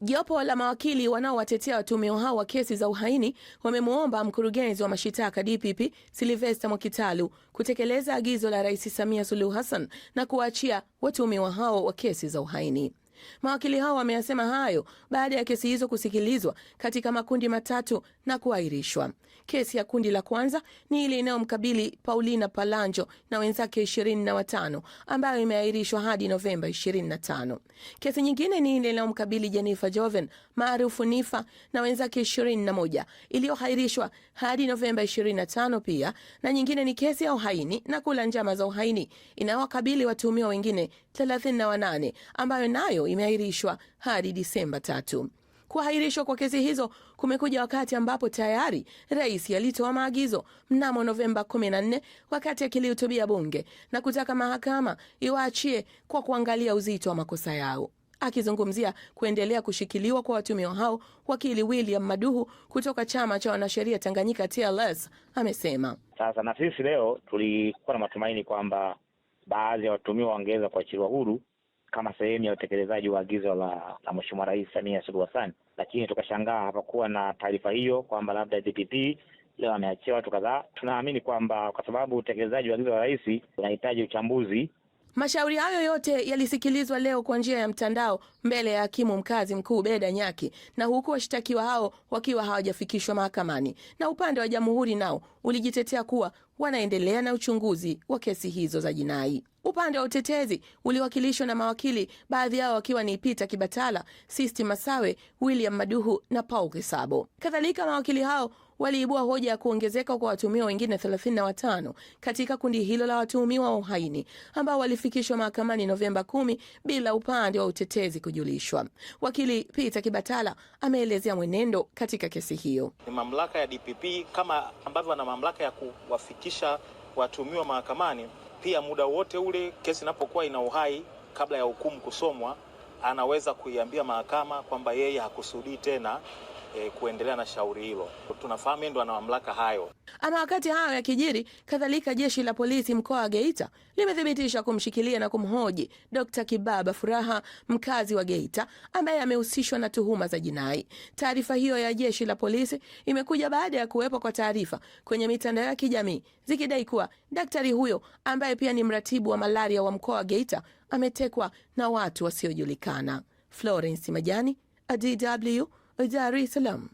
Jopo la mawakili wanaowatetea watuhumiwa hao wa kesi za uhaini wamemwomba mkurugenzi wa mashitaka DPP Silvesta Mwakitalu kutekeleza agizo la Rais Samia Suluhu Hassan na kuwaachia watuhumiwa hao wa kesi za uhaini. Mawakili hao wameyasema hayo baada ya kesi hizo kusikilizwa katika makundi matatu na kuahirishwa. Kesi ya kundi la kwanza ni ile inayomkabili Paulina Palanjo na wenzake ishirini na watano ambayo imeahirishwa hadi Novemba 25. Kesi nyingine ni ile inayomkabili Jenifa Joven maarufu Nifa na wenzake 21 iliyoahirishwa hadi Novemba 25 pia, na nyingine ni kesi ya uhaini na kula njama za uhaini inayowakabili watuhumiwa wengine 38 ambayo nayo imeahirishwa hadi Disemba tatu. Kuahirishwa kwa kesi hizo kumekuja wakati ambapo tayari rais alitoa maagizo mnamo Novemba 14 wakati akilihutubia bunge na kutaka mahakama iwaachie kwa kuangalia uzito wa makosa yao. Akizungumzia kuendelea kushikiliwa kwa watumiwa hao, wakili William Maduhu kutoka chama cha wanasheria Tanganyika TLS amesema, sasa na sisi leo tulikuwa na matumaini kwamba baadhi ya watumiwa wangeweza kuachiliwa huru kama sehemu ya utekelezaji wa agizo la, la Mheshimiwa Rais Samia Suluhu Hassan, lakini tukashangaa hapakuwa na taarifa hiyo kwamba labda DPP leo ameachia watu kadhaa. Tunaamini kwamba kwa sababu utekelezaji wa agizo la rais unahitaji uchambuzi Mashauri hayo yote yalisikilizwa leo kwa njia ya mtandao mbele ya hakimu mkazi mkuu Beda Nyaki, na huku washtakiwa hao wakiwa hawajafikishwa mahakamani, na upande wa jamhuri nao ulijitetea kuwa wanaendelea na uchunguzi wa kesi hizo za jinai. Upande wa utetezi uliwakilishwa na mawakili, baadhi yao wakiwa ni Pita Kibatala, Sisti Masawe, William Maduhu na Paul Kisabo. Kadhalika mawakili hao waliibua hoja ya kuongezeka kwa watuhumiwa wengine 35 katika kundi hilo la watuhumiwa wa uhaini ambao walifikishwa mahakamani Novemba 10 bila upande wa utetezi kujulishwa. Wakili Peter Kibatala ameelezea mwenendo katika kesi hiyo. Ni mamlaka ya DPP kama ambavyo wana mamlaka ya kuwafikisha watuhumiwa mahakamani, pia muda wote ule kesi inapokuwa ina uhai, kabla ya hukumu kusomwa, anaweza kuiambia mahakama kwamba yeye hakusudii tena e, kuendelea na shauri hilo. Tunafahamu yeye ndo ana mamlaka hayo. Ama wakati hayo ya kijiri kadhalika jeshi la polisi mkoa wa Geita limethibitisha kumshikilia na kumhoji Dkt. Kibaba Furaha, mkazi wa Geita, ambaye amehusishwa na tuhuma za jinai. Taarifa hiyo ya jeshi la polisi imekuja baada ya kuwepo kwa taarifa kwenye mitandao ya kijamii zikidai kuwa daktari huyo ambaye pia ni mratibu wa malaria wa mkoa wa Geita ametekwa na watu wasiojulikana. Florence Majani, DW سلام